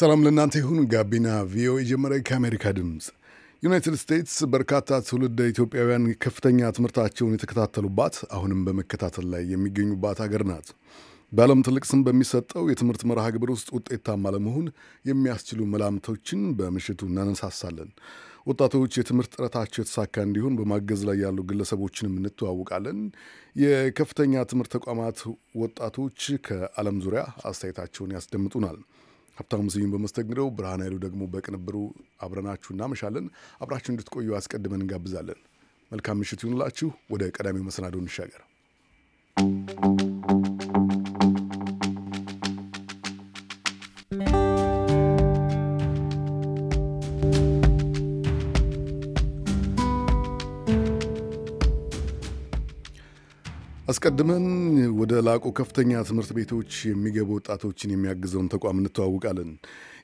ሰላም ለእናንተ ይሁን። ጋቢና ቪኦኤ ጀመረ። ከአሜሪካ ድምፅ ዩናይትድ ስቴትስ በርካታ ትውልደ ኢትዮጵያውያን ከፍተኛ ትምህርታቸውን የተከታተሉባት አሁንም በመከታተል ላይ የሚገኙባት አገር ናት። በዓለም ትልቅ ስም በሚሰጠው የትምህርት መርሃ ግብር ውስጥ ውጤታማ ለመሆን የሚያስችሉ መላምቶችን በምሽቱ እናነሳሳለን። ወጣቶች የትምህርት ጥረታቸው የተሳካ እንዲሆን በማገዝ ላይ ያሉ ግለሰቦችንም እንተዋውቃለን። የከፍተኛ ትምህርት ተቋማት ወጣቶች ከዓለም ዙሪያ አስተያየታቸውን ያስደምጡናል። ሀብታሙ ስዩም በመስተንግደው፣ ብርሃን ያሉ ደግሞ በቅንብሩ አብረናችሁ እናመሻለን። አብራችሁ እንድትቆዩ አስቀድመን እንጋብዛለን። መልካም ምሽት ይሁንላችሁ። ወደ ቀዳሚው መሰናዶ እንሻገር። አስቀድመን ወደ ላቁ ከፍተኛ ትምህርት ቤቶች የሚገቡ ወጣቶችን የሚያግዘውን ተቋም እንተዋውቃለን።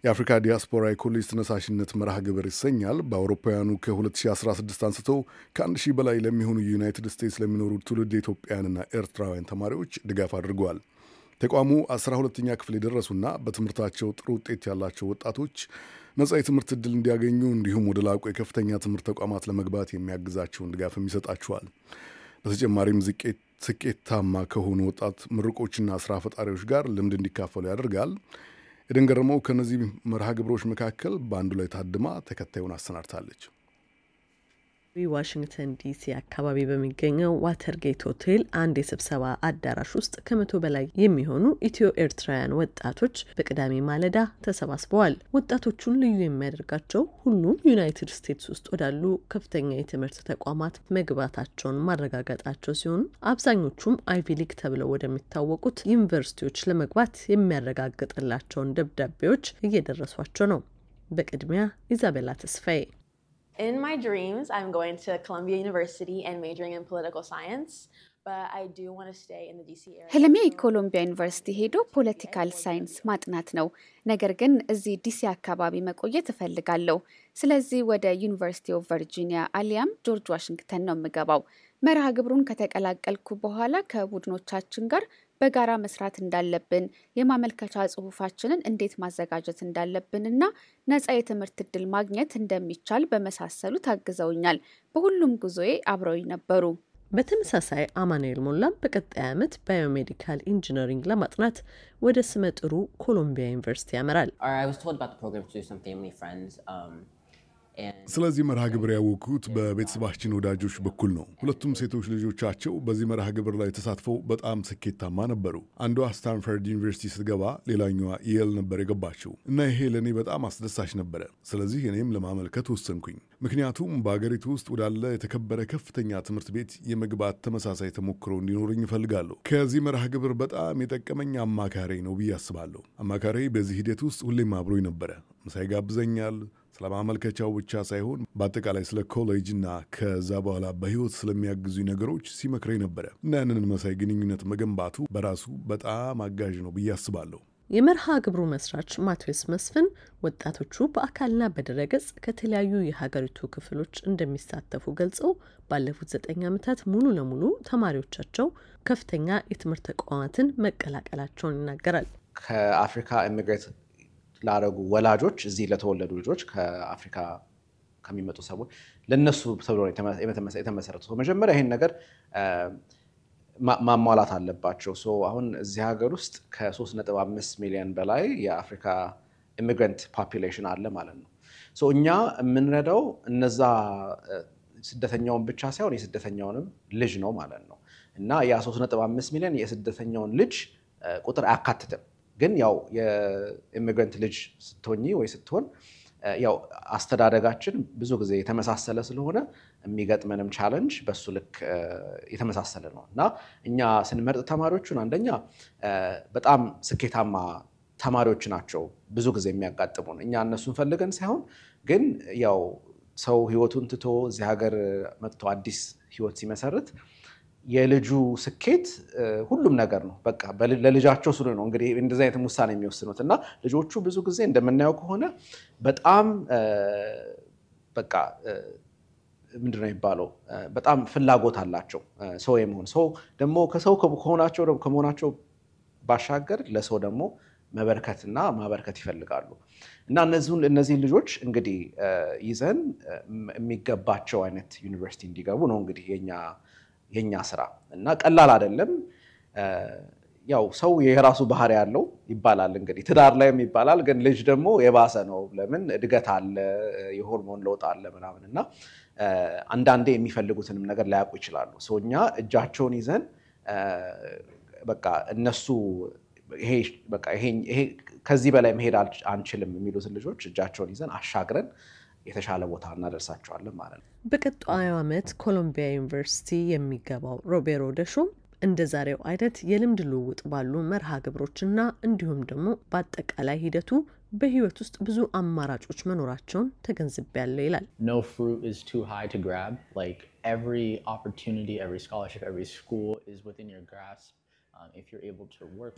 የአፍሪካ ዲያስፖራ የኮሌጅ ተነሳሽነት መርሃ ግብር ይሰኛል። በአውሮፓውያኑ ከ2016 አንስቶ ከ1000 በላይ ለሚሆኑ ዩናይትድ ስቴትስ ለሚኖሩ ትውልድ ኢትዮጵያውያንና ኤርትራውያን ተማሪዎች ድጋፍ አድርገዋል። ተቋሙ 12 ሁለተኛ ክፍል የደረሱና በትምህርታቸው ጥሩ ውጤት ያላቸው ወጣቶች ነጻ የትምህርት ዕድል እንዲያገኙ እንዲሁም ወደ ላቁ የከፍተኛ ትምህርት ተቋማት ለመግባት የሚያግዛቸውን ድጋፍም ይሰጣቸዋል። በተጨማሪም ስኬታማ ከሆኑ ወጣት ምርቆችና ስራ ፈጣሪዎች ጋር ልምድ እንዲካፈሉ ያደርጋል። ኤደን ገርመው ከእነዚህ መርሃ ግብሮች መካከል በአንዱ ላይ ታድማ ተከታዩን አሰናድታለች። ዋሽንግተን ዲሲ አካባቢ በሚገኘው ዋተርጌት ሆቴል አንድ የስብሰባ አዳራሽ ውስጥ ከመቶ በላይ የሚሆኑ ኢትዮ ኤርትራውያን ወጣቶች በቅዳሜ ማለዳ ተሰባስበዋል። ወጣቶቹን ልዩ የሚያደርጋቸው ሁሉም ዩናይትድ ስቴትስ ውስጥ ወዳሉ ከፍተኛ የትምህርት ተቋማት መግባታቸውን ማረጋገጣቸው ሲሆን አብዛኞቹም አይቪ ሊግ ተብለው ወደሚታወቁት ዩኒቨርሲቲዎች ለመግባት የሚያረጋግጥላቸውን ደብዳቤዎች እየደረሷቸው ነው። በቅድሚያ ኢዛቤላ ተስፋዬ In my dreams, I'm going to Columbia University and majoring in political science. ህልሜ ኮሎምቢያ ዩኒቨርሲቲ ሄዶ ፖለቲካል ሳይንስ ማጥናት ነው። ነገር ግን እዚህ ዲሲ አካባቢ መቆየት እፈልጋለሁ። ስለዚህ ወደ ዩኒቨርሲቲ ኦፍ ቨርጂኒያ አሊያም ጆርጅ ዋሽንግተን ነው የምገባው። መርሃ ግብሩን ከተቀላቀልኩ በኋላ ከቡድኖቻችን ጋር በጋራ መስራት እንዳለብን፣ የማመልከቻ ጽሁፋችንን እንዴት ማዘጋጀት እንዳለብን ና ነጻ የትምህርት እድል ማግኘት እንደሚቻል በመሳሰሉ ታግዘውኛል። በሁሉም ጉዞዬ አብረው ነበሩ። በተመሳሳይ አማኑኤል ሞላም በቀጣይ ዓመት ባዮሜዲካል ኢንጂነሪንግ ለማጥናት ወደ ስመጥሩ ኮሎምቢያ ዩኒቨርሲቲ ያመራል። ስለዚህ መርሃ ግብር ያወቅኩት በቤተሰባችን ወዳጆች በኩል ነው። ሁለቱም ሴቶች ልጆቻቸው በዚህ መርሃ ግብር ላይ ተሳትፈው በጣም ስኬታማ ነበሩ። አንዷ ስታንፈርድ ዩኒቨርሲቲ ስትገባ፣ ሌላኛዋ የል ነበር የገባቸው እና ይሄ ለእኔ በጣም አስደሳች ነበረ። ስለዚህ እኔም ለማመልከት ወሰንኩኝ። ምክንያቱም በአገሪቱ ውስጥ ወዳለ የተከበረ ከፍተኛ ትምህርት ቤት የመግባት ተመሳሳይ ተሞክሮ እንዲኖረኝ ይፈልጋለሁ። ከዚህ መርሃ ግብር በጣም የጠቀመኝ አማካሪ ነው ብዬ አስባለሁ። አማካሪ በዚህ ሂደት ውስጥ ሁሌም አብሮኝ ነበረ። ምሳ ይጋብዘኛል ስለ ማመልከቻው ብቻ ሳይሆን በአጠቃላይ ስለ ኮሌጅና ከዛ በኋላ በህይወት ስለሚያግዙ ነገሮች ሲመክረኝ ነበረ እና ያንን መሳይ ግንኙነት መገንባቱ በራሱ በጣም አጋዥ ነው ብዬ አስባለሁ። የመርሃ ግብሩ መስራች ማቴዎስ መስፍን ወጣቶቹ በአካልና በድረገጽ ከተለያዩ የሀገሪቱ ክፍሎች እንደሚሳተፉ ገልጸው ባለፉት ዘጠኝ ዓመታት ሙሉ ለሙሉ ተማሪዎቻቸው ከፍተኛ የትምህርት ተቋማትን መቀላቀላቸውን ይናገራል። ከአፍሪካ ኢሚግሬት ላረጉ ወላጆች እዚህ ለተወለዱ ልጆች ከአፍሪካ ከሚመጡ ሰዎች ለነሱ ተብሎ የተመሰረተው መጀመሪያ ይሄን ነገር ማሟላት አለባቸው። አሁን እዚህ ሀገር ውስጥ ከ3.5 ሚሊዮን በላይ የአፍሪካ ኢሚግራንት ፖፑሌሽን አለ ማለት ነው። እኛ የምንረዳው እነዛ ስደተኛውን ብቻ ሳይሆን የስደተኛውንም ልጅ ነው ማለት ነው እና ያ 3.5 ሚሊዮን የስደተኛውን ልጅ ቁጥር አያካትትም። ግን ያው የኢሚግራንት ልጅ ስትሆኝ ወይ ስትሆን ያው አስተዳደጋችን ብዙ ጊዜ የተመሳሰለ ስለሆነ የሚገጥመንም ቻለንጅ በሱ ልክ የተመሳሰለ ነው እና እኛ ስንመርጥ ተማሪዎቹን አንደኛ በጣም ስኬታማ ተማሪዎች ናቸው ብዙ ጊዜ የሚያጋጥሙን። እኛ እነሱን ፈልገን ሳይሆን ግን ያው ሰው ህይወቱን ትቶ እዚህ ሀገር መጥቶ አዲስ ህይወት ሲመሰርት የልጁ ስኬት ሁሉም ነገር ነው። በቃ ለልጃቸው ስሉ ነው እንግዲህ እንደዚ አይነት ውሳኔ የሚወስኑት እና ልጆቹ ብዙ ጊዜ እንደምናየው ከሆነ በጣም በቃ ምንድን ነው የሚባለው በጣም ፍላጎት አላቸው ሰው የመሆን ሰው ደግሞ ከሰው ከሆናቸው ከመሆናቸው ባሻገር ለሰው ደግሞ መበረከትና ማበረከት ይፈልጋሉ እና እነዚህን ልጆች እንግዲህ ይዘን የሚገባቸው አይነት ዩኒቨርሲቲ እንዲገቡ ነው እንግዲህ የኛ የኛ ስራ እና ቀላል አይደለም። ያው ሰው የራሱ ባህሪ ያለው ይባላል እንግዲህ ትዳር ላይም ይባላል፣ ግን ልጅ ደግሞ የባሰ ነው። ለምን እድገት አለ፣ የሆርሞን ለውጥ አለ ምናምን እና አንዳንዴ የሚፈልጉትንም ነገር ላያውቁ ይችላሉ። እኛ እጃቸውን ይዘን በቃ እነሱ ከዚህ በላይ መሄድ አንችልም የሚሉትን ልጆች እጃቸውን ይዘን አሻግረን የተሻለ ቦታ እናደርሳቸዋለን ማለት ነው። በቀጣዩ ዓመት ኮሎምቢያ ዩኒቨርሲቲ የሚገባው ሮቤሮ ደሹም እንደ ዛሬው አይነት የልምድ ልውውጥ ባሉ መርሃ ግብሮችና እንዲሁም ደግሞ በአጠቃላይ ሂደቱ በህይወት ውስጥ ብዙ አማራጮች መኖራቸውን ተገንዝቤያለሁ ይላል። Um,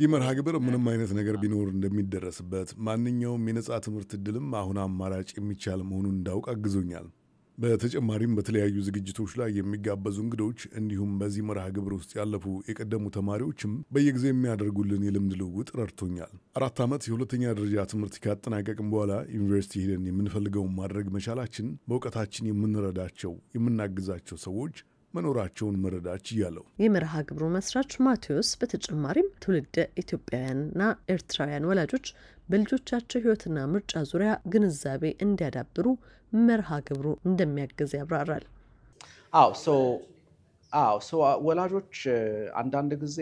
ይህ ግብር ምንም አይነት ነገር um, ቢኖር እንደሚደረስበት ማንኛውም የነጻ ትምህርት እድልም አሁን አማራጭ የሚቻል መሆኑን እንዳውቅ አግዞኛል። በተጨማሪም በተለያዩ ዝግጅቶች ላይ የሚጋበዙ እንግዶች እንዲሁም በዚህ መርሃ ግብር ውስጥ ያለፉ የቀደሙ ተማሪዎችም በየጊዜው የሚያደርጉልን የልምድ ልውውጥ ረድቶኛል። አራት ዓመት የሁለተኛ ደረጃ ትምህርት ካጠናቀቅም በኋላ ዩኒቨርሲቲ ሄደን የምንፈልገውን ማድረግ መቻላችን በእውቀታችን የምንረዳቸው የምናግዛቸው ሰዎች መኖራቸውን መረዳች እያለው የመርሃ ግብሩ መስራች ማቴዎስ በተጨማሪም ትውልደ ኢትዮጵያውያንና ኤርትራውያን ወላጆች በልጆቻቸው ሕይወትና ምርጫ ዙሪያ ግንዛቤ እንዲያዳብሩ መርሃ ግብሩ እንደሚያግዝ ያብራራል። አዎ አዎ ወላጆች አንዳንድ ጊዜ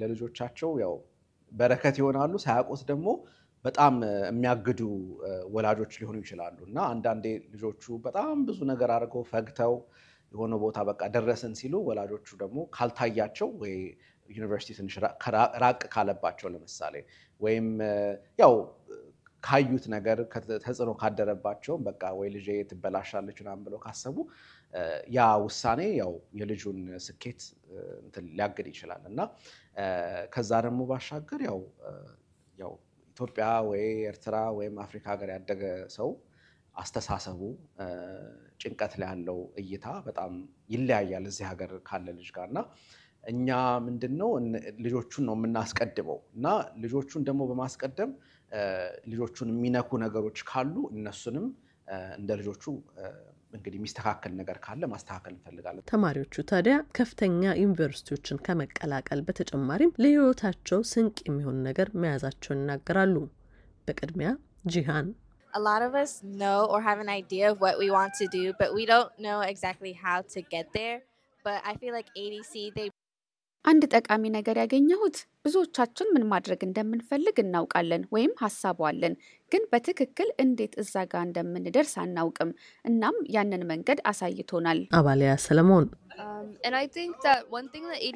ለልጆቻቸው ያው በረከት ይሆናሉ፣ ሳያውቁት ደግሞ በጣም የሚያግዱ ወላጆች ሊሆኑ ይችላሉ እና አንዳንዴ ልጆቹ በጣም ብዙ ነገር አድርገው ፈግተው የሆነ ቦታ በቃ ደረስን ሲሉ ወላጆቹ ደግሞ ካልታያቸው ወይ ዩኒቨርሲቲ ትንሽ ራቅ ካለባቸው ለምሳሌ ወይም ያው ካዩት ነገር ተጽዕኖ ካደረባቸው በቃ ወይ ልጅ ትበላሻለች ናም ብለው ካሰቡ ያ ውሳኔ ያው የልጁን ስኬት ሊያግድ ይችላል እና ከዛ ደግሞ ባሻገር ያው ኢትዮጵያ ወይ ኤርትራ ወይም አፍሪካ ሀገር ያደገ ሰው አስተሳሰቡ፣ ጭንቀት ላይ ያለው እይታ በጣም ይለያያል እዚህ ሀገር ካለ ልጅ ጋር እና እኛ ምንድን ነው ልጆቹን ነው የምናስቀድመው እና ልጆቹን ደግሞ በማስቀደም ልጆቹን የሚነኩ ነገሮች ካሉ እነሱንም እንደ ልጆቹ እንግዲህ የሚስተካከል ነገር ካለ ማስተካከል እንፈልጋለን። ተማሪዎቹ ታዲያ ከፍተኛ ዩኒቨርሲቲዎችን ከመቀላቀል በተጨማሪም ለሕይወታቸው ስንቅ የሚሆን ነገር መያዛቸውን ይናገራሉ። በቅድሚያ ጂሃን a lot of us know or have an idea of what we want to do, but we don't know exactly how to get there. But I feel like ADC, they አንድ ጠቃሚ ነገር ያገኘሁት ብዙዎቻችን ምን ማድረግ እንደምንፈልግ እናውቃለን ወይም ሀሳቧለን ግን በትክክል እንዴት እዛ ጋር እንደምንደርስ አናውቅም። እናም ያንን መንገድ አሳይቶናል። አባሊያ ሰለሞን um,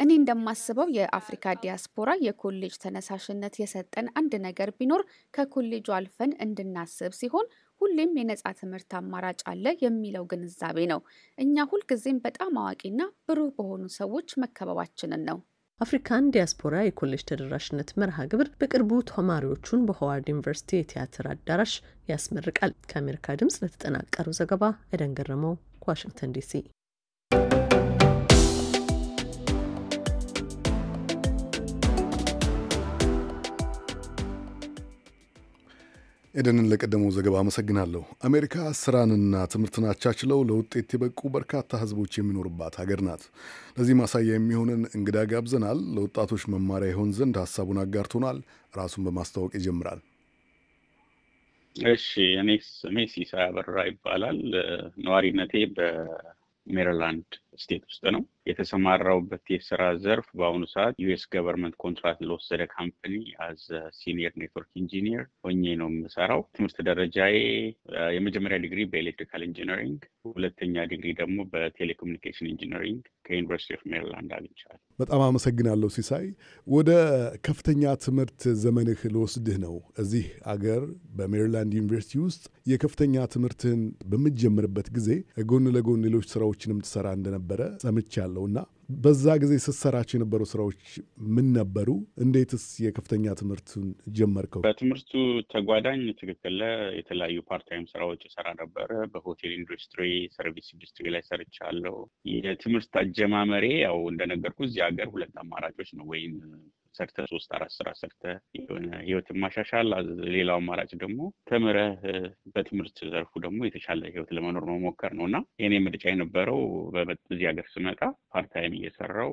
እኔ እንደማስበው የአፍሪካ ዲያስፖራ የኮሌጅ ተነሳሽነት የሰጠን አንድ ነገር ቢኖር ከኮሌጁ አልፈን እንድናስብ ሲሆን ሁሌም የነጻ ትምህርት አማራጭ አለ የሚለው ግንዛቤ ነው እኛ ሁልጊዜም በጣም አዋቂና ብሩህ በሆኑ ሰዎች መከበባችንን ነው። አፍሪካን ዲያስፖራ የኮሌጅ ተደራሽነት መርሃ ግብር በቅርቡ ተማሪዎቹን በሆዋርድ ዩኒቨርሲቲ የቲያትር አዳራሽ ያስመርቃል። ከአሜሪካ ድምጽ ለተጠናቀረው ዘገባ ኤደን ገረመው ከዋሽንግተን ዲሲ ኤደንን ለቀደመው ዘገባ አመሰግናለሁ። አሜሪካ ስራንና ትምህርትን አቻችለው ለውጤት የበቁ በርካታ ህዝቦች የሚኖርባት ሀገር ናት። ለዚህ ማሳያ የሚሆንን እንግዳ ጋብዘናል። ለወጣቶች መማሪያ ይሆን ዘንድ ሀሳቡን አጋርቶናል። ራሱን በማስተዋወቅ ይጀምራል። እሺ፣ እኔ ስሜ ሲሳይ አበራ ይባላል። ነዋሪነቴ በሜሪላንድ ስቴት ውስጥ ነው። የተሰማራውበት የስራ ዘርፍ በአሁኑ ሰዓት ዩኤስ ገቨርንመንት ኮንትራክት ለወሰደ ካምፕኒ አዘ ሲኒየር ኔትወርክ ኢንጂኒየር ሆኜ ነው የምሰራው። ትምህርት ደረጃዬ የመጀመሪያ ዲግሪ በኤሌክትሪካል ኢንጂነሪንግ፣ ሁለተኛ ዲግሪ ደግሞ በቴሌኮሙኒኬሽን ኢንጂነሪንግ ከዩኒቨርሲቲ ኦፍ ሜሪላንድ አግኝቻለሁ። በጣም አመሰግናለሁ ሲሳይ። ወደ ከፍተኛ ትምህርት ዘመንህ ልወስድህ ነው። እዚህ አገር በሜሪላንድ ዩኒቨርሲቲ ውስጥ የከፍተኛ ትምህርትህን በምትጀምርበት ጊዜ ጎን ለጎን ሌሎች ስራዎችንም ትሰራ እንደነበረ ሰምቻለሁ። አለው እና በዛ ጊዜ ስትሰራቸው የነበሩ ስራዎች ምን ነበሩ? እንዴትስ የከፍተኛ ትምህርቱን ጀመርከው? በትምህርቱ ተጓዳኝ ትክክል የተለያዩ ፓርታይም ስራዎች ሰራ ነበረ። በሆቴል ኢንዱስትሪ፣ ሰርቪስ ኢንዱስትሪ ላይ ሰርቻለሁ። የትምህርት አጀማመሬ ያው እንደነገርኩ እዚህ ሀገር ሁለት አማራጮች ነው ወይም ሰርተ ሶስት አራት ስራ ሰርተ የሆነ ህይወትን ማሻሻል፣ ሌላው አማራጭ ደግሞ ተምረህ በትምህርት ዘርፉ ደግሞ የተሻለ ህይወት ለመኖር መሞከር ነው እና የኔ ምርጫ የነበረው በዚህ ሀገር ስመጣ ፓርታይም እየሰራው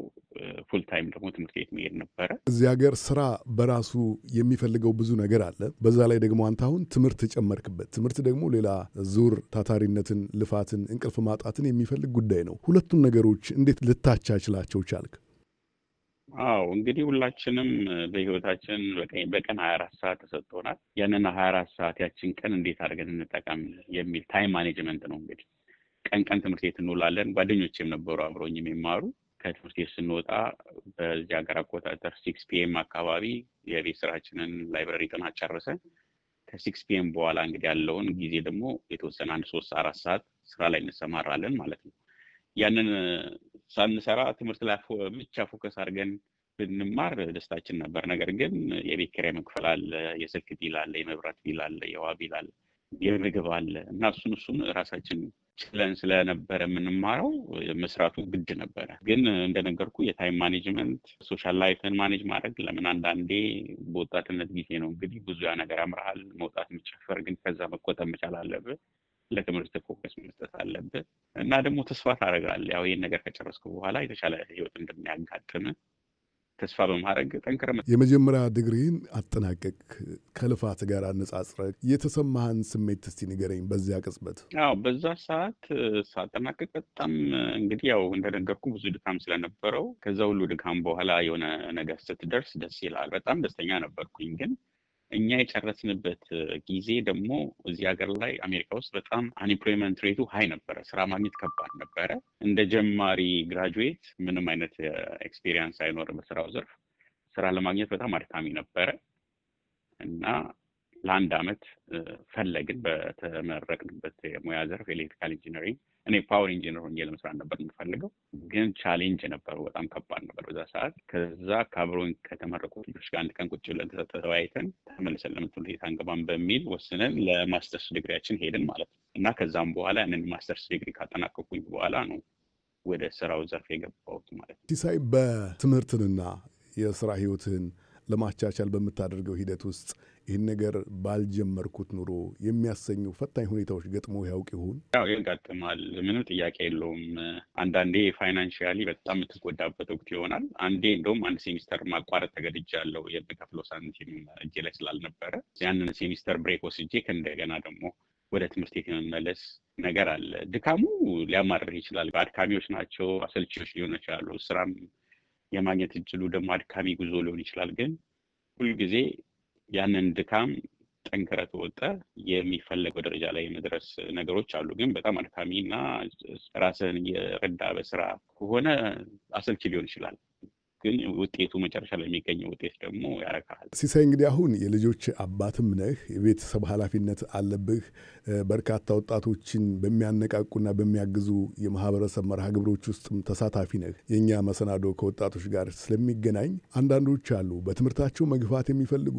ፉል ታይም ደግሞ ትምህርት ቤት መሄድ ነበረ። እዚህ ሀገር ስራ በራሱ የሚፈልገው ብዙ ነገር አለ። በዛ ላይ ደግሞ አንተ አሁን ትምህርት ጨመርክበት። ትምህርት ደግሞ ሌላ ዙር ታታሪነትን፣ ልፋትን፣ እንቅልፍ ማጣትን የሚፈልግ ጉዳይ ነው። ሁለቱን ነገሮች እንዴት ልታቻችላቸው ቻልክ? አዎ እንግዲህ ሁላችንም በህይወታችን በቀን ሀያ አራት ሰዓት ተሰጥቶናል። ያንን ሀያ አራት ሰዓት ያችን ቀን እንዴት አድርገን እንጠቀም የሚል ታይም ማኔጅመንት ነው። እንግዲህ ቀን ቀን ትምህርት ቤት እንውላለን። ጓደኞቼም ነበሩ አብሮኝ የሚማሩ ከትምህርት ቤት ስንወጣ በዚህ ሀገር አቆጣጠር ሲክስ ፒኤም አካባቢ የቤት ስራችንን ላይብረሪ ጥናት ጨርሰን ከሲክስ ፒኤም በኋላ እንግዲህ ያለውን ጊዜ ደግሞ የተወሰነ አንድ ሶስት አራት ሰዓት ስራ ላይ እንሰማራለን ማለት ነው። ያንን ሳንሰራ ትምህርት ላይ ብቻ ፎከስ አድርገን ብንማር ደስታችን ነበር። ነገር ግን የቤት ኪራይ መክፈል አለ፣ የስልክ ቢል አለ፣ የመብራት ቢል አለ፣ የውሃ ቢል አለ፣ የምግብ አለ እና እሱን እሱን ራሳችን ችለን ስለነበረ የምንማረው መስራቱ ግድ ነበረ። ግን እንደነገርኩ የታይም ማኔጅመንት ሶሻል ላይፍን ማኔጅ ማድረግ ለምን አንዳንዴ በወጣትነት ጊዜ ነው እንግዲህ ብዙ ያ ነገር ያምርሃል መውጣት የሚጨፈር ግን ከዛ መቆጠብ መቻል አለብህ። ለትምህርት ፎከስ መስጠት አለብህ እና ደግሞ ተስፋ ታደርጋለህ። ያው ይህን ነገር ከጨረስኩ በኋላ የተሻለ ህይወት እንደሚያጋጥም ተስፋ በማድረግ ጠንክረ የመጀመሪያ ዲግሪን አጠናቀቅ ከልፋት ጋር አነጻጽረ የተሰማህን ስሜት እስቲ ንገረኝ። በዚያ ቅጽበት አዎ፣ በዛ ሰዓት ሳጠናቀቅ በጣም እንግዲህ ያው እንደነገርኩ ብዙ ድካም ስለነበረው ከዛ ሁሉ ድካም በኋላ የሆነ ነገር ስትደርስ ደስ ይላል። በጣም ደስተኛ ነበርኩኝ ግን እኛ የጨረስንበት ጊዜ ደግሞ እዚህ ሀገር ላይ አሜሪካ ውስጥ በጣም አንኤምፕሎይመንት ሬቱ ሀይ ነበረ። ስራ ማግኘት ከባድ ነበረ። እንደ ጀማሪ ግራጁዌት ምንም አይነት ኤክስፔሪንስ አይኖር በስራው ዘርፍ ስራ ለማግኘት በጣም አድካሚ ነበረ እና ለአንድ አመት ፈለግን በተመረቅንበት የሙያ ዘርፍ ኤሌክትሪካል ኢንጂነሪንግ እኔ ፓወር ኢንጂነር ሆኜ ለመስራት ነበር የምፈልገው፣ ግን ቻሌንጅ ነበረው። በጣም ከባድ ነበር በዛ ሰዓት። ከዛ ከአብሮኝ ከተመረቁት ልጆች ጋር አንድ ቀን ቁጭ ብለን ተወያይተን ተመልሰን ለምን አንገባም በሚል ወስነን ለማስተርስ ዲግሪያችን ሄድን ማለት ነው። እና ከዛም በኋላ ያንን ማስተርስ ዲግሪ ካጠናቀቁኝ በኋላ ነው ወደ ስራው ዘርፍ የገባሁት ማለት ነው። ሲሳይ በትምህርትንና የስራ ህይወትህን ለማቻቻል በምታደርገው ሂደት ውስጥ ይህን ነገር ባልጀመርኩት ኑሮ የሚያሰኙ ፈታኝ ሁኔታዎች ገጥሞ ያውቅ ይሁን? ያው ያጋጥማል፣ ምንም ጥያቄ የለውም። አንዳንዴ ፋይናንሽያሊ በጣም የምትጎዳበት ወቅት ይሆናል። አንዴ እንደውም አንድ ሴሚስተር ማቋረጥ ተገድጃለሁ። የምከፍለው ሳንቲም እጄ ላይ ስላልነበረ ያንን ሴሚስተር ብሬክ ወስጄ ከእንደገና ደግሞ ወደ ትምህርት ቤት የመመለስ ነገር አለ። ድካሙ ሊያማርር ይችላል። አድካሚዎች ናቸው፣ አሰልቺዎች ሊሆኑ ይችላሉ። ስራም የማግኘት እድሉ ደግሞ አድካሚ ጉዞ ሊሆን ይችላል። ግን ሁልጊዜ ያንን ድካም ጠንክረ ተወጠ የሚፈለገው ደረጃ ላይ የመድረስ ነገሮች አሉ። ግን በጣም አድካሚ እና ራስን የረዳ በስራ ከሆነ አሰልቺ ሊሆን ይችላል። ግን ውጤቱ መጨረሻ ላይ የሚገኘው ውጤት ደግሞ ያረካል። ሲሳይ እንግዲህ አሁን የልጆች አባትም ነህ፣ የቤተሰብ ኃላፊነት አለብህ። በርካታ ወጣቶችን በሚያነቃቁና በሚያግዙ የማህበረሰብ መርሃ ግብሮች ውስጥም ተሳታፊ ነህ። የእኛ መሰናዶ ከወጣቶች ጋር ስለሚገናኝ አንዳንዶች አሉ በትምህርታቸው መግፋት የሚፈልጉ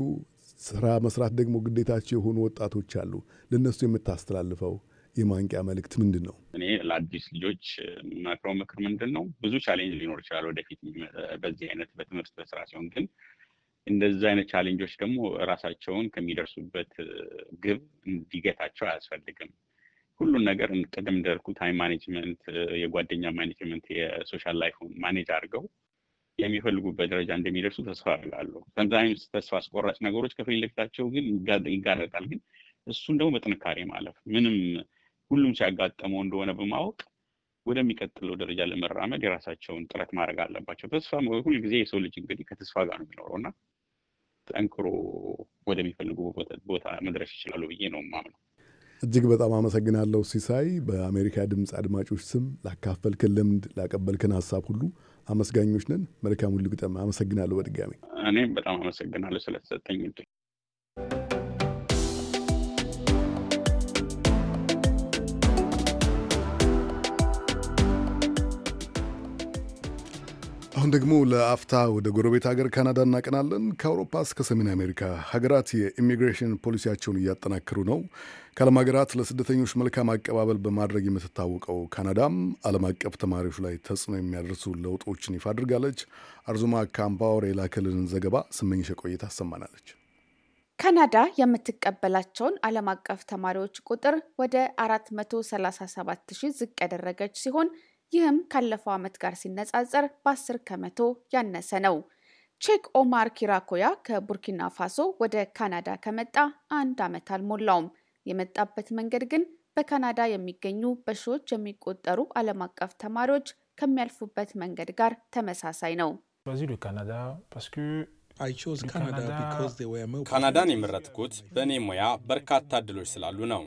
ስራ መስራት ደግሞ ግዴታቸው የሆኑ ወጣቶች አሉ። ለነሱ የምታስተላልፈው የማንቂያ መልእክት ምንድን ነው? እኔ ለአዲስ ልጆች መክረው ምክር ምንድን ነው? ብዙ ቻሌንጅ ሊኖር ይችላል ወደፊት በዚህ አይነት በትምህርት በስራ ሲሆን፣ ግን እንደዚህ አይነት ቻሌንጆች ደግሞ ራሳቸውን ከሚደርሱበት ግብ እንዲገታቸው አያስፈልግም። ሁሉን ነገር ቅድም ደርኩ ታይም ማኔጅመንት፣ የጓደኛ ማኔጅመንት፣ የሶሻል ላይፉን ማኔጅ አድርገው የሚፈልጉበት ደረጃ እንደሚደርሱ ተስፋ አድርጋለሁ። ሰምታይምስ ተስፋ አስቆራጭ ነገሮች ከፊት ለፊታቸው ግን ይጋረጣል። ግን እሱን ደግሞ በጥንካሬ ማለፍ ምንም ሁሉም ሲያጋጠመው እንደሆነ በማወቅ ወደሚቀጥለው ደረጃ ለመራመድ የራሳቸውን ጥረት ማድረግ አለባቸው። ተስፋ ሁልጊዜ የሰው ልጅ እንግዲህ ከተስፋ ጋር ነው የሚኖረው እና ጠንክሮ ወደሚፈልጉ ቦታ መድረስ ይችላሉ ብዬ ነው የማምነው። እጅግ በጣም አመሰግናለሁ ሲሳይ። በአሜሪካ ድምፅ አድማጮች ስም ላካፈልክን ልምድ፣ ላቀበልክን ሀሳብ ሁሉ አመስጋኞች ነን። መልካም ሁሉ ግጠም። አመሰግናለሁ በድጋሚ እኔም በጣም አመሰግናለሁ ስለተሰጠኝ አሁን ደግሞ ለአፍታ ወደ ጎረቤት ሀገር ካናዳ እናቀናለን። ከአውሮፓ እስከ ሰሜን አሜሪካ ሀገራት የኢሚግሬሽን ፖሊሲያቸውን እያጠናከሩ ነው። ከዓለም ሀገራት ለስደተኞች መልካም አቀባበል በማድረግ የምትታወቀው ካናዳም ዓለም አቀፍ ተማሪዎች ላይ ተጽዕኖ የሚያደርሱ ለውጦችን ይፋ አድርጋለች። አርዙማ ካምፓወር የላከልን ዘገባ ስመኝሸ ቆይታ አሰማናለች። ካናዳ የምትቀበላቸውን ዓለም አቀፍ ተማሪዎች ቁጥር ወደ 437 ሺህ ዝቅ ያደረገች ሲሆን ይህም ካለፈው ዓመት ጋር ሲነጻጸር በ10 ከመቶ ያነሰ ነው። ቼክ ኦማር ኪራኮያ ከቡርኪና ፋሶ ወደ ካናዳ ከመጣ አንድ ዓመት አልሞላውም። የመጣበት መንገድ ግን በካናዳ የሚገኙ በሺዎች የሚቆጠሩ ዓለም አቀፍ ተማሪዎች ከሚያልፉበት መንገድ ጋር ተመሳሳይ ነው። ካናዳን የመረጥኩት በእኔ ሙያ በርካታ እድሎች ስላሉ ነው።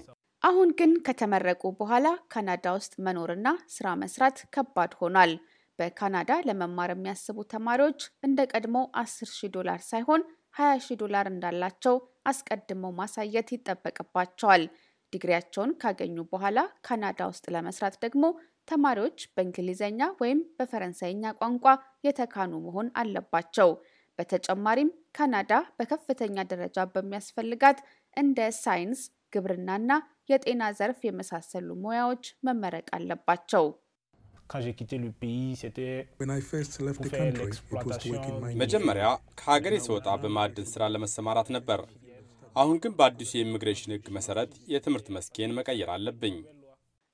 አሁን ግን ከተመረቁ በኋላ ካናዳ ውስጥ መኖርና ስራ መስራት ከባድ ሆኗል። በካናዳ ለመማር የሚያስቡ ተማሪዎች እንደ ቀድሞ 10 ሺህ ዶላር ሳይሆን 20 ሺህ ዶላር እንዳላቸው አስቀድመው ማሳየት ይጠበቅባቸዋል። ዲግሪያቸውን ካገኙ በኋላ ካናዳ ውስጥ ለመስራት ደግሞ ተማሪዎች በእንግሊዝኛ ወይም በፈረንሳይኛ ቋንቋ የተካኑ መሆን አለባቸው። በተጨማሪም ካናዳ በከፍተኛ ደረጃ በሚያስፈልጋት እንደ ሳይንስ፣ ግብርናና የጤና ዘርፍ የመሳሰሉ ሙያዎች መመረቅ አለባቸው። መጀመሪያ ከሀገሬ ስወጣ በማዕድን ስራ ለመሰማራት ነበር። አሁን ግን በአዲሱ የኢሚግሬሽን ህግ መሰረት የትምህርት መስኬን መቀየር አለብኝ።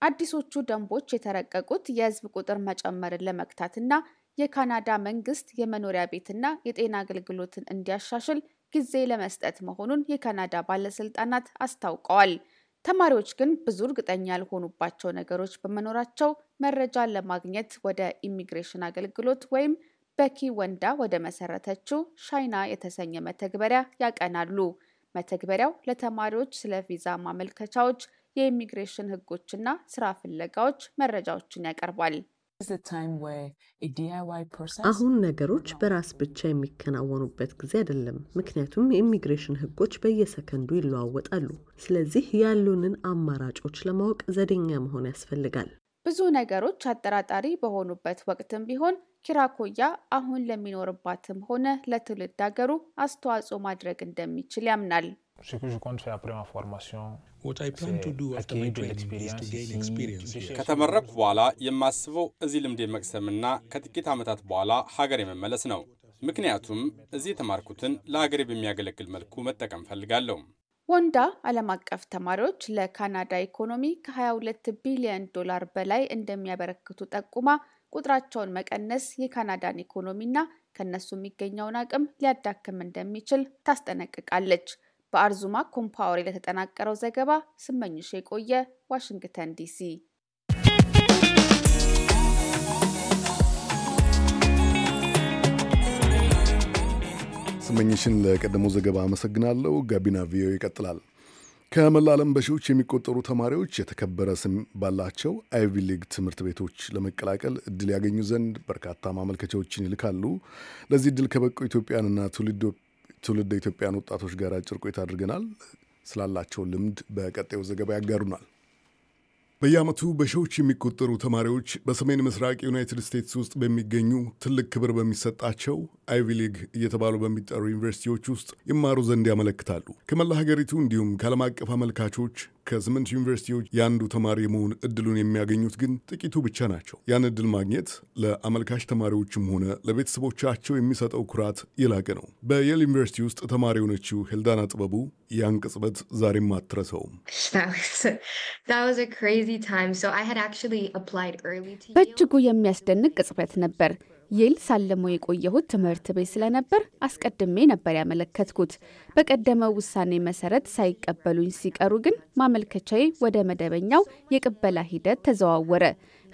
አዲሶቹ ደንቦች የተረቀቁት የህዝብ ቁጥር መጨመርን ለመግታትና የካናዳ መንግስት የመኖሪያ ቤትና የጤና አገልግሎትን እንዲያሻሽል ጊዜ ለመስጠት መሆኑን የካናዳ ባለስልጣናት አስታውቀዋል። ተማሪዎች ግን ብዙ እርግጠኛ ያልሆኑባቸው ነገሮች በመኖራቸው መረጃን ለማግኘት ወደ ኢሚግሬሽን አገልግሎት ወይም በኪ ወንዳ ወደ መሰረተችው ሻይና የተሰኘ መተግበሪያ ያቀናሉ። መተግበሪያው ለተማሪዎች ስለ ቪዛ ማመልከቻዎች፣ የኢሚግሬሽን ህጎችና ስራ ፍለጋዎች መረጃዎችን ያቀርባል። አሁን ነገሮች በራስ ብቻ የሚከናወኑበት ጊዜ አይደለም፣ ምክንያቱም የኢሚግሬሽን ሕጎች በየሰከንዱ ይለዋወጣሉ። ስለዚህ ያሉንን አማራጮች ለማወቅ ዘዴኛ መሆን ያስፈልጋል። ብዙ ነገሮች አጠራጣሪ በሆኑበት ወቅትም ቢሆን ኪራኮያ አሁን ለሚኖርባትም ሆነ ለትውልድ ሀገሩ አስተዋጽኦ ማድረግ እንደሚችል ያምናል። ce que je compte faire après ma formation ከተመረቅኩ በኋላ የማስበው እዚህ ልምዴን መቅሰምና ከጥቂት ዓመታት በኋላ ሀገር የመመለስ ነው። ምክንያቱም እዚህ የተማርኩትን ለሀገሬ በሚያገለግል መልኩ መጠቀም ፈልጋለሁ። ወንዳ ዓለም አቀፍ ተማሪዎች ለካናዳ ኢኮኖሚ ከ22 ቢሊዮን ዶላር በላይ እንደሚያበረክቱ ጠቁማ ቁጥራቸውን መቀነስ የካናዳን ኢኮኖሚና ከእነሱ የሚገኘውን አቅም ሊያዳክም እንደሚችል ታስጠነቅቃለች። በአርዙማ ኮምፓወሬ ለተጠናቀረው ዘገባ ስመኝሽ የቆየ ዋሽንግተን ዲሲ። ስመኝሽን ለቀደመው ዘገባ አመሰግናለሁ። ጋቢና ቪኦኤ ይቀጥላል። ከመላ ዓለም በሺዎች የሚቆጠሩ ተማሪዎች የተከበረ ስም ባላቸው አይቪ ሊግ ትምህርት ቤቶች ለመቀላቀል እድል ያገኙ ዘንድ በርካታ ማመልከቻዎችን ይልካሉ። ለዚህ እድል ከበቁ ኢትዮጵያንና ትውልድ ትውልድ ኢትዮጵያን ወጣቶች ጋር አጭር ቆይታ አድርገናል። ስላላቸው ልምድ በቀጣዩ ዘገባ ያጋሩናል። በየዓመቱ በሺዎች የሚቆጠሩ ተማሪዎች በሰሜን ምስራቅ ዩናይትድ ስቴትስ ውስጥ በሚገኙ ትልቅ ክብር በሚሰጣቸው አይቪ ሊግ እየተባሉ በሚጠሩ ዩኒቨርሲቲዎች ውስጥ ይማሩ ዘንድ ያመለክታሉ። ከመላ ሀገሪቱ እንዲሁም ከዓለም አቀፍ አመልካቾች ከስምንት ዩኒቨርሲቲዎች የአንዱ ተማሪ የመሆን እድሉን የሚያገኙት ግን ጥቂቱ ብቻ ናቸው። ያን እድል ማግኘት ለአመልካች ተማሪዎችም ሆነ ለቤተሰቦቻቸው የሚሰጠው ኩራት የላቀ ነው። በየል ዩኒቨርሲቲ ውስጥ ተማሪ የሆነችው ሄልዳና ጥበቡ ያን ቅጽበት ዛሬም አትረሰውም። በእጅጉ የሚያስደንቅ ቅጽበት ነበር። ይል ሳለመው የቆየሁት ትምህርት ቤት ስለነበር አስቀድሜ ነበር ያመለከትኩት። በቀደመው ውሳኔ መሰረት ሳይቀበሉኝ ሲቀሩ ግን ማመልከቻዬ ወደ መደበኛው የቅበላ ሂደት ተዘዋወረ።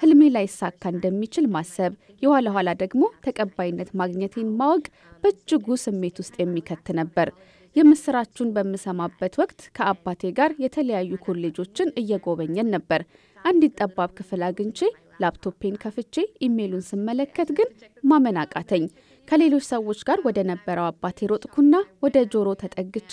ህልሜ ላይሳካ እንደሚችል ማሰብ፣ የኋላ ኋላ ደግሞ ተቀባይነት ማግኘቴን ማወቅ በእጅጉ ስሜት ውስጥ የሚከት ነበር። የምስራቹን በምሰማበት ወቅት ከአባቴ ጋር የተለያዩ ኮሌጆችን እየጎበኘን ነበር። አንዲት ጠባብ ክፍል አግኝቼ ላፕቶፔን ከፍቼ ኢሜሉን ስመለከት ግን ማመን አቃተኝ። ከሌሎች ሰዎች ጋር ወደ ነበረው አባቴ ሮጥኩና ወደ ጆሮ ተጠግቼ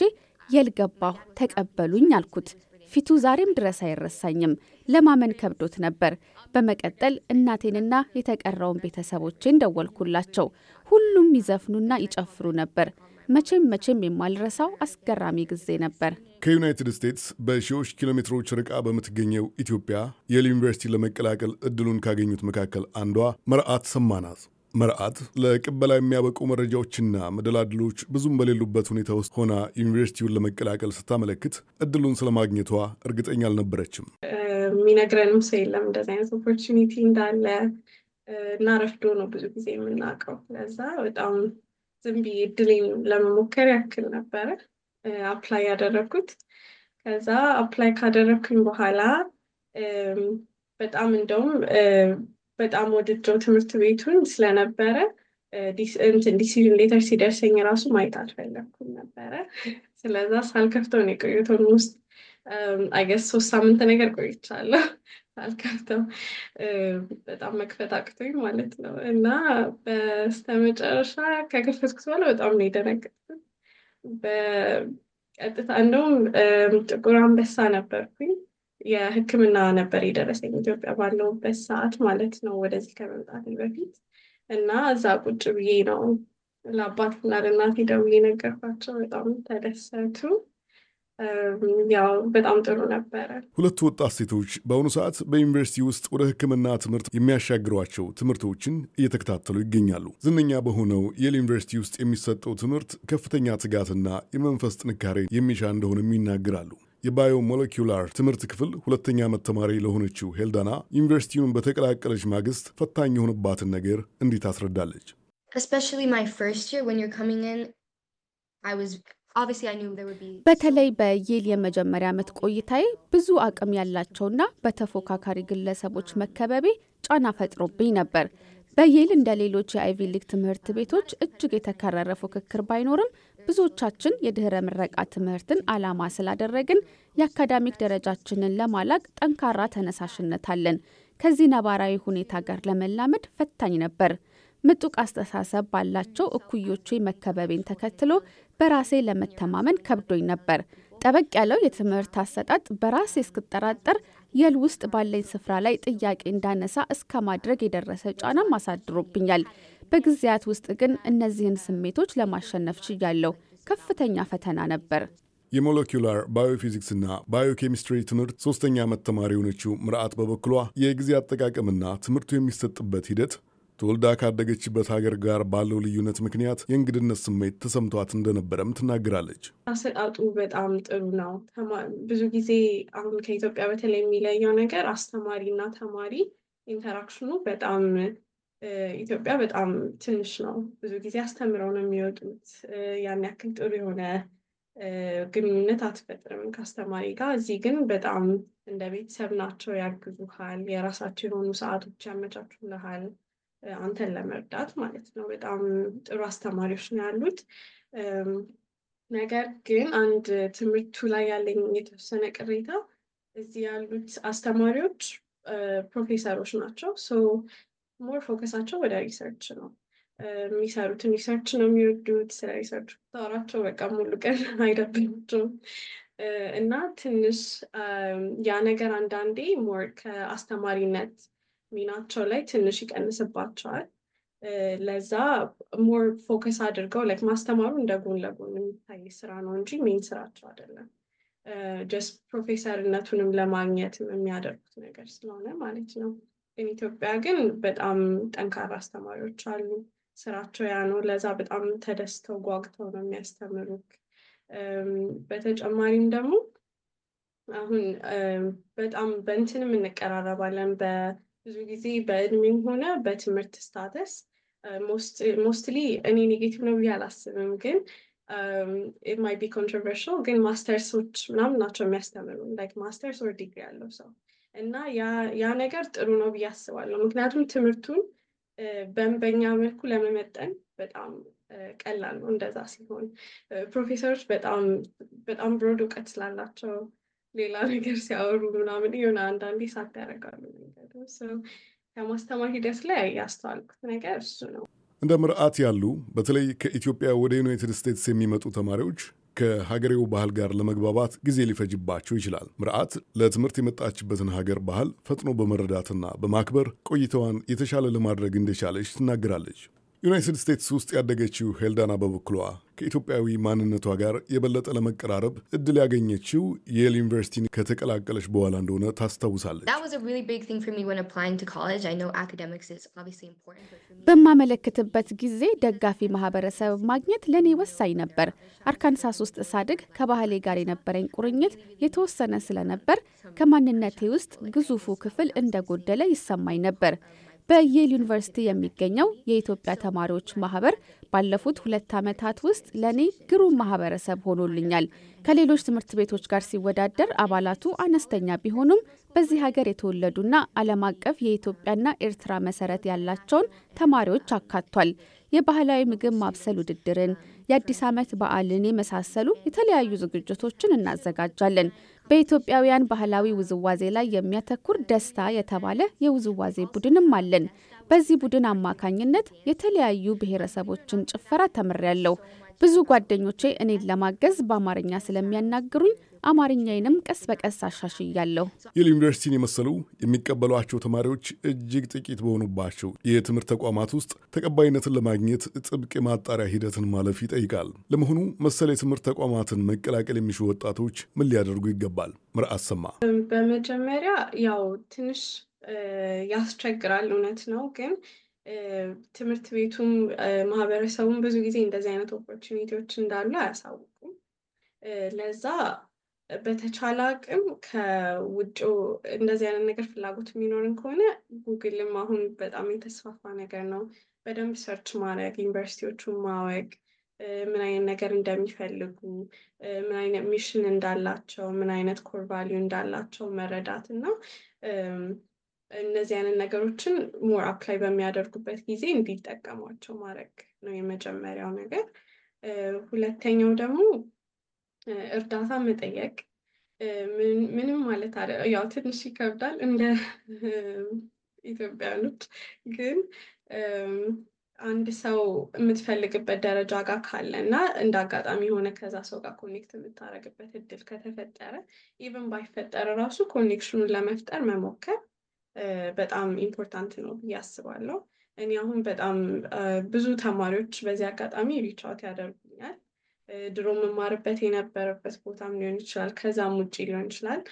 የልገባሁ ተቀበሉኝ አልኩት። ፊቱ ዛሬም ድረስ አይረሳኝም። ለማመን ከብዶት ነበር። በመቀጠል እናቴንና የተቀረውን ቤተሰቦቼን ደወልኩላቸው። ሁሉም ይዘፍኑና ይጨፍሩ ነበር። መቼም መቼም የማልረሳው አስገራሚ ጊዜ ነበር። ከዩናይትድ ስቴትስ በሺዎች ኪሎ ሜትሮች ርቃ በምትገኘው ኢትዮጵያ የል ዩኒቨርሲቲ ለመቀላቀል እድሉን ካገኙት መካከል አንዷ መርአት ሰማ ናት። መርዓት ለቅበላ የሚያበቁ መረጃዎችና መደላድሎች ብዙም በሌሉበት ሁኔታ ውስጥ ሆና ዩኒቨርሲቲውን ለመቀላቀል ስታመለክት እድሉን ስለማግኘቷ እርግጠኛ አልነበረችም። የሚነግረንም ሰው የለም እንደዚህ አይነት ኦፖርቹኒቲ እንዳለ እና ረፍዶ ነው ብዙ ጊዜ የምናውቀው ለዛ በጣም ዝም ብዬ እድሌን ለመሞከር ያክል ነበረ አፕላይ ያደረግኩት። ከዛ አፕላይ ካደረግኩኝ በኋላ በጣም እንደውም በጣም ወድጀው ትምህርት ቤቱን ስለነበረ እንትን ዲሲዥን ሌተር ሲደርሰኝ ራሱ ማየት አልፈለግኩም ነበረ። ስለዛ ሳልከፍተውን የቆየተውን ውስጥ አይገስ ሶስት ሳምንት ነገር ቆይቻለሁ። አልከፍተም በጣም መክፈት አቅቶኝ ማለት ነው። እና በስተመጨረሻ ከከፈትኩት በኋላ በጣም ነው የደነገጥኩት። በቀጥታ እንደውም ጥቁር አንበሳ ነበርኩኝ የሕክምና ነበር የደረሰኝ ኢትዮጵያ ባለሁበት ሰዓት ማለት ነው ወደዚህ ከመምጣቴ በፊት እና እዛ ቁጭ ብዬ ነው ለአባትና ለእናቴ ደውዬ ነገርኳቸው። በጣም ተደሰቱ። ያው በጣም ጥሩ ነበረ። ሁለቱ ወጣት ሴቶች በአሁኑ ሰዓት በዩኒቨርሲቲ ውስጥ ወደ ሕክምና ትምህርት የሚያሻግሯቸው ትምህርቶችን እየተከታተሉ ይገኛሉ። ዝነኛ በሆነው የል ዩኒቨርሲቲ ውስጥ የሚሰጠው ትምህርት ከፍተኛ ትጋትና የመንፈስ ጥንካሬ የሚሻ እንደሆነም ይናገራሉ። የባዮ ሞለኪላር ትምህርት ክፍል ሁለተኛ ዓመት ተማሪ ለሆነችው ሄልዳና ዩኒቨርሲቲውን በተቀላቀለች ማግስት ፈታኝ የሆነባትን ነገር እንዲህ አስረዳለች። በተለይ በየል የመጀመሪያ ዓመት ቆይታዬ ብዙ አቅም ያላቸውና በተፎካካሪ ግለሰቦች መከበቤ ጫና ፈጥሮብኝ ነበር። በየል እንደ ሌሎች የአይቪ ሊግ ትምህርት ቤቶች እጅግ የተከረረ ፉክክር ባይኖርም ብዙዎቻችን የድህረ ምረቃ ትምህርትን ዓላማ ስላደረግን የአካዳሚክ ደረጃችንን ለማላቅ ጠንካራ ተነሳሽነት አለን። ከዚህ ነባራዊ ሁኔታ ጋር ለመላመድ ፈታኝ ነበር። ምጡቅ አስተሳሰብ ባላቸው እኩዮቼ መከበቤን ተከትሎ በራሴ ለመተማመን ከብዶኝ ነበር። ጠበቅ ያለው የትምህርት አሰጣጥ በራሴ እስክጠራጠር የል ውስጥ ባለኝ ስፍራ ላይ ጥያቄ እንዳነሳ እስከ ማድረግ የደረሰ ጫናም አሳድሮብኛል። በጊዜያት ውስጥ ግን እነዚህን ስሜቶች ለማሸነፍ ችያለሁ። ከፍተኛ ፈተና ነበር። የሞለኪላር ባዮፊዚክስና ባዮኬሚስትሪ ትምህርት ሶስተኛ ዓመት ተማሪ የሆነችው ምርአት በበኩሏ የጊዜ አጠቃቀምና ትምህርቱ የሚሰጥበት ሂደት ተወልዳ ካደገችበት ሀገር ጋር ባለው ልዩነት ምክንያት የእንግድነት ስሜት ተሰምቷት እንደነበረም ትናገራለች። አሰጣጡ በጣም ጥሩ ነው። ብዙ ጊዜ አሁን ከኢትዮጵያ በተለይ የሚለየው ነገር አስተማሪ እና ተማሪ ኢንተራክሽኑ በጣም ኢትዮጵያ በጣም ትንሽ ነው። ብዙ ጊዜ አስተምረው ነው የሚወጡት። ያን ያክል ጥሩ የሆነ ግንኙነት አትፈጥርም ከአስተማሪ ጋር። እዚህ ግን በጣም እንደ ቤተሰብ ናቸው፣ ያግዙሃል፣ የራሳቸው የሆኑ ሰዓቶች ያመቻቹልሃል። አንተን ለመርዳት ማለት ነው። በጣም ጥሩ አስተማሪዎች ነው ያሉት። ነገር ግን አንድ ትምህርቱ ላይ ያለኝ የተወሰነ ቅሬታ እዚህ ያሉት አስተማሪዎች ፕሮፌሰሮች ናቸው። ሶ ሞር ፎከሳቸው ወደ ሪሰርች ነው የሚሰሩትን ሪሰርች ነው የሚወዱት። ስለ ሪሰርች ታወራቸው በቃ ሙሉ ቀን አይደብራቸውም። እና ትንሽ ያ ነገር አንዳንዴ ሞር ከአስተማሪነት ሚናቸው ላይ ትንሽ ይቀንስባቸዋል። ለዛ ሞር ፎከስ አድርገው ላይክ ማስተማሩ እንደ ጎን ለጎን የሚታይ ስራ ነው እንጂ ሜን ስራቸው አይደለም። ጀስት ፕሮፌሰርነቱንም ለማግኘት የሚያደርጉት ነገር ስለሆነ ማለት ነው። ግን ኢትዮጵያ ግን በጣም ጠንካራ አስተማሪዎች አሉ። ስራቸው ያ ነው። ለዛ በጣም ተደስተው ጓግተው ነው የሚያስተምሩት። በተጨማሪም ደግሞ አሁን በጣም በእንትንም እንቀራረባለን ብዙ ጊዜ በእድሜም ሆነ በትምህርት ስታተስ ሞስትሊ እኔ ኔጌቲቭ ነው ብዬ አላስብም፣ ግን ማይ ቢ ኮንትሮቨርሽል ግን ማስተርሶች ምናምን ናቸው የሚያስተምሩ ላይክ ማስተርስ ወር ዲግሪ ያለው ሰው እና ያ ነገር ጥሩ ነው ብዬ አስባለሁ። ምክንያቱም ትምህርቱን በንበኛ መልኩ ለመመጠን በጣም ቀላል ነው። እንደዛ ሲሆን ፕሮፌሰሮች በጣም በጣም ብሮድ እውቀት ስላላቸው ሌላ ነገር ሲያወሩ ምናምን የሆነ አንዳንዴ ሳት ያደርጋሉ። ከማስተማር ሂደት ላይ ያስተዋልኩት ነገር እሱ ነው። እንደ ምርዓት ያሉ በተለይ ከኢትዮጵያ ወደ ዩናይትድ ስቴትስ የሚመጡ ተማሪዎች ከሀገሬው ባህል ጋር ለመግባባት ጊዜ ሊፈጅባቸው ይችላል። ምርአት ለትምህርት የመጣችበትን ሀገር ባህል ፈጥኖ በመረዳትና በማክበር ቆይታዋን የተሻለ ለማድረግ እንደቻለች ትናገራለች። ዩናይትድ ስቴትስ ውስጥ ያደገችው ሄልዳና በበኩሏ ከኢትዮጵያዊ ማንነቷ ጋር የበለጠ ለመቀራረብ እድል ያገኘችው የል ዩኒቨርሲቲን ከተቀላቀለች በኋላ እንደሆነ ታስታውሳለች። በማመለክትበት ጊዜ ደጋፊ ማህበረሰብ ማግኘት ለእኔ ወሳኝ ነበር። አርካንሳስ ውስጥ ሳድግ ከባህሌ ጋር የነበረኝ ቁርኝት የተወሰነ ስለነበር ከማንነቴ ውስጥ ግዙፉ ክፍል እንደጎደለ ይሰማኝ ነበር። በየል ዩኒቨርሲቲ የሚገኘው የኢትዮጵያ ተማሪዎች ማህበር ባለፉት ሁለት ዓመታት ውስጥ ለእኔ ግሩም ማህበረሰብ ሆኖልኛል። ከሌሎች ትምህርት ቤቶች ጋር ሲወዳደር አባላቱ አነስተኛ ቢሆኑም በዚህ ሀገር የተወለዱና ዓለም አቀፍ የኢትዮጵያና ኤርትራ መሰረት ያላቸውን ተማሪዎች አካቷል። የባህላዊ ምግብ ማብሰል ውድድርን፣ የአዲስ ዓመት በዓልን የመሳሰሉ የተለያዩ ዝግጅቶችን እናዘጋጃለን። በኢትዮጵያውያን ባህላዊ ውዝዋዜ ላይ የሚያተኩር ደስታ የተባለ የውዝዋዜ ቡድንም አለን። በዚህ ቡድን አማካኝነት የተለያዩ ብሔረሰቦችን ጭፈራ ተምሬያለሁ። ብዙ ጓደኞቼ እኔን ለማገዝ በአማርኛ ስለሚያናግሩኝ አማርኛዬንም ቀስ በቀስ አሻሽያለሁ። ይል ዩኒቨርሲቲን የመሰሉ የሚቀበሏቸው ተማሪዎች እጅግ ጥቂት በሆኑባቸው የትምህርት ተቋማት ውስጥ ተቀባይነትን ለማግኘት ጥብቅ የማጣሪያ ሂደትን ማለፍ ይጠይቃል። ለመሆኑ መሰል የትምህርት ተቋማትን መቀላቀል የሚሹ ወጣቶች ምን ሊያደርጉ ይገባል? ምርአት ሰማ በመጀመሪያ ያው ትንሽ ያስቸግራል። እውነት ነው ግን ትምህርት ቤቱም ማህበረሰቡም ብዙ ጊዜ እንደዚህ አይነት ኦፖርቹኒቲዎች እንዳሉ አያሳውቁም። ለዛ በተቻለ አቅም ከውጭ እንደዚህ አይነት ነገር ፍላጎት የሚኖርን ከሆነ ጉግልም አሁን በጣም የተስፋፋ ነገር ነው። በደንብ ሰርች ማድረግ፣ ዩኒቨርሲቲዎቹን ማወቅ፣ ምን አይነት ነገር እንደሚፈልጉ፣ ምን አይነት ሚሽን እንዳላቸው፣ ምን አይነት ኮር ቫሊዩ እንዳላቸው መረዳት እና እነዚህ አይነት ነገሮችን ሞር አፕላይ በሚያደርጉበት ጊዜ እንዲጠቀሟቸው ማድረግ ነው የመጀመሪያው ነገር። ሁለተኛው ደግሞ እርዳታ መጠየቅ ምንም ማለት አለ ያው ትንሽ ይከብዳል እንደ ኢትዮጵያኖች ግን አንድ ሰው የምትፈልግበት ደረጃ ጋር ካለ እና እንደ አጋጣሚ የሆነ ከዛ ሰው ጋር ኮኔክት የምታደርግበት እድል ከተፈጠረ ኢቨን ባይፈጠር ራሱ ኮኔክሽኑን ለመፍጠር መሞከር በጣም ኢምፖርታንት ነው ብዬ አስባለሁ። እኔ አሁን በጣም ብዙ ተማሪዎች በዚህ አጋጣሚ ሪቻውት ያደርጉኛል። ድሮ መማርበት የነበረበት ቦታም ሊሆን ይችላል፣ ከዛም ውጭ ሊሆን ይችላል።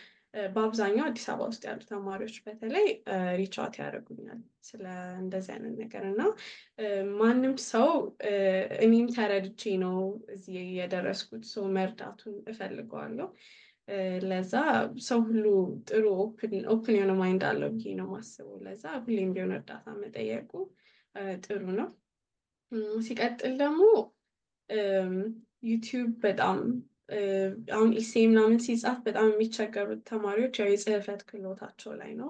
በአብዛኛው አዲስ አበባ ውስጥ ያሉ ተማሪዎች በተለይ ሪቻውት ያደርጉኛል ስለ እንደዚህ አይነት ነገር እና ማንም ሰው እኔም ተረድቼ ነው እዚህ የደረስኩት ሰው መርዳቱን እፈልገዋለሁ። ለዛ ሰው ሁሉ ጥሩ ኦፕን የሆነ ማይንድ አለው ብዬ ነው ማስበው። ለዛ ሁሌም ቢሆን እርዳታ መጠየቁ ጥሩ ነው። ሲቀጥል ደግሞ ዩቲዩብ በጣም አሁን ኢሴ ምናምን ሲጻፍ በጣም የሚቸገሩት ተማሪዎች ያው የጽህፈት ክህሎታቸው ላይ ነው።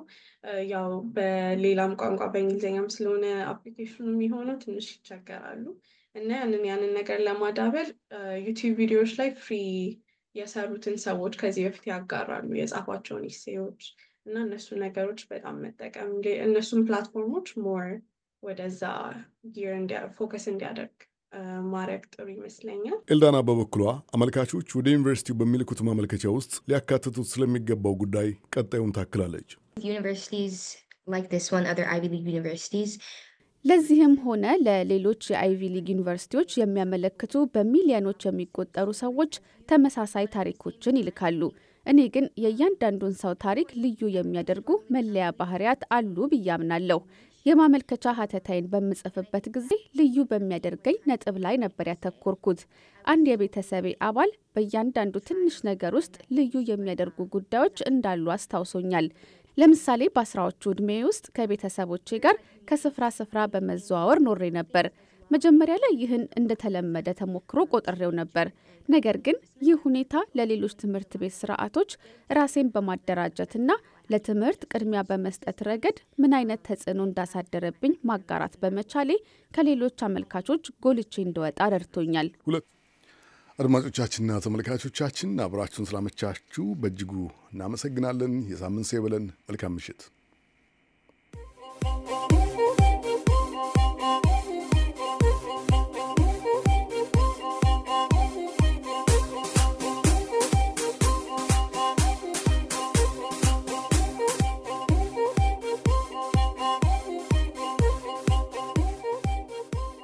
ያው በሌላም ቋንቋ በእንግሊዝኛም ስለሆነ አፕሊኬሽኑ የሚሆነው ትንሽ ይቸገራሉ እና ያንን ያንን ነገር ለማዳበር ዩቲዩብ ቪዲዮዎች ላይ ፍሪ የሰሩትን ሰዎች ከዚህ በፊት ያጋራሉ የጻፏቸውን ኢሴዎች እና እነሱ ነገሮች በጣም መጠቀም እነሱን ፕላትፎርሞች ሞር ወደዛ ጊር ፎከስ እንዲያደርግ ማድረግ ጥሩ ይመስለኛል። ኤልዳና በበኩሏ አመልካቾች ወደ ዩኒቨርሲቲው በሚልኩት ማመልከቻ ውስጥ ሊያካትቱት ስለሚገባው ጉዳይ ቀጣዩን ታክላለች። ዩኒቨርሲቲስ ለዚህም ሆነ ለሌሎች የአይቪ ሊግ ዩኒቨርሲቲዎች የሚያመለክቱ በሚሊዮኖች የሚቆጠሩ ሰዎች ተመሳሳይ ታሪኮችን ይልካሉ። እኔ ግን የእያንዳንዱን ሰው ታሪክ ልዩ የሚያደርጉ መለያ ባህሪያት አሉ ብዬ አምናለሁ። የማመልከቻ ሀተታይን በምጽፍበት ጊዜ ልዩ በሚያደርገኝ ነጥብ ላይ ነበር ያተኮርኩት። አንድ የቤተሰቤ አባል በእያንዳንዱ ትንሽ ነገር ውስጥ ልዩ የሚያደርጉ ጉዳዮች እንዳሉ አስታውሶኛል። ለምሳሌ በአስራዎቹ ዕድሜ ውስጥ ከቤተሰቦቼ ጋር ከስፍራ ስፍራ በመዘዋወር ኖሬ ነበር። መጀመሪያ ላይ ይህን እንደተለመደ ተሞክሮ ቆጥሬው ነበር። ነገር ግን ይህ ሁኔታ ለሌሎች ትምህርት ቤት ስርዓቶች ራሴን በማደራጀትና ለትምህርት ቅድሚያ በመስጠት ረገድ ምን አይነት ተጽዕኖ እንዳሳደረብኝ ማጋራት በመቻሌ ከሌሎች አመልካቾች ጎልቼ እንደወጣ ረድቶኛል። አድማጮቻችንና ተመልካቾቻችን አብራችሁን ስላመቻችሁ በእጅጉ እናመሰግናለን። የሳምንት ሰው ይበለን። መልካም ምሽት።